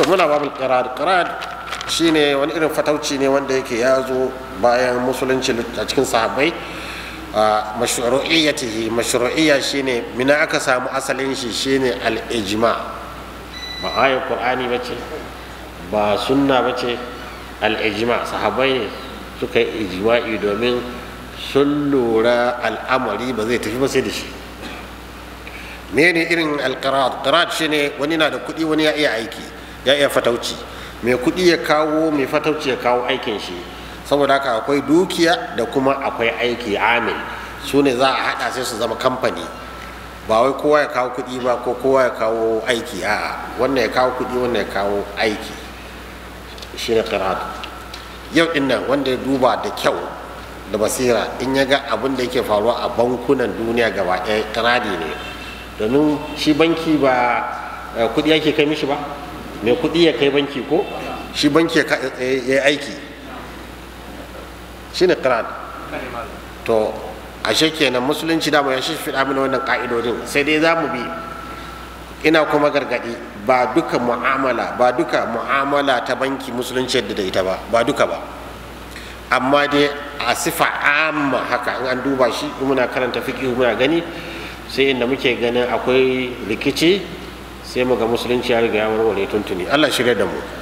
to muna babul qirad qirad shine wani irin fatauci ne wanda yake ya zo bayan musulunci a cikin sahabbai mashru'iyyatihi mashru'iyya shine mina aka samu asalin shi shine al-ijma ba ayat qur'ani bace ba sunna bace al-ijma sahabbai ne suka yi ijma'i domin sun lura al'amari ba zai tafi ba sai da shi mene irin al-qirad qirad shine wani na da kuɗi wani ya iya aiki ya iya fatauci mai kuɗi ya kawo mai fatauci ya kawo aikin shi saboda haka akwai dukiya da kuma akwai aiki amin. su ne za a haɗa sai su zama kamfani ba wai kowa ya kawo kuɗi ba ko kowa ya kawo aiki a wannan ya kawo kuɗi wannan ya kawo aiki shi ne karatu. yau ɗin nan wanda ya duba da kyau da basira in ya ga abin da yake faruwa a bankunan duniya gaba ɗaya kiradi ne domin shi banki ba eh, kuɗi yake kai mishi ba mai kuɗi ya kai banki ko shi banki ya aiki shi ne kiran to ashe kenan musulunci dama ya shi fiɗa mana wannan ƙa'idodin sai dai za mu bi ina kuma gargadi. ba duka mu'amala ba duka mu'amala ta banki musulunci yadda da ita ba ba duka ba amma dai a sifa amma haka in an duba shi muna karanta fiƙi muna gani sai inda muke ganin akwai rikici sai muga musulunci ya riga ya warware tuntuni Allah shirya da mu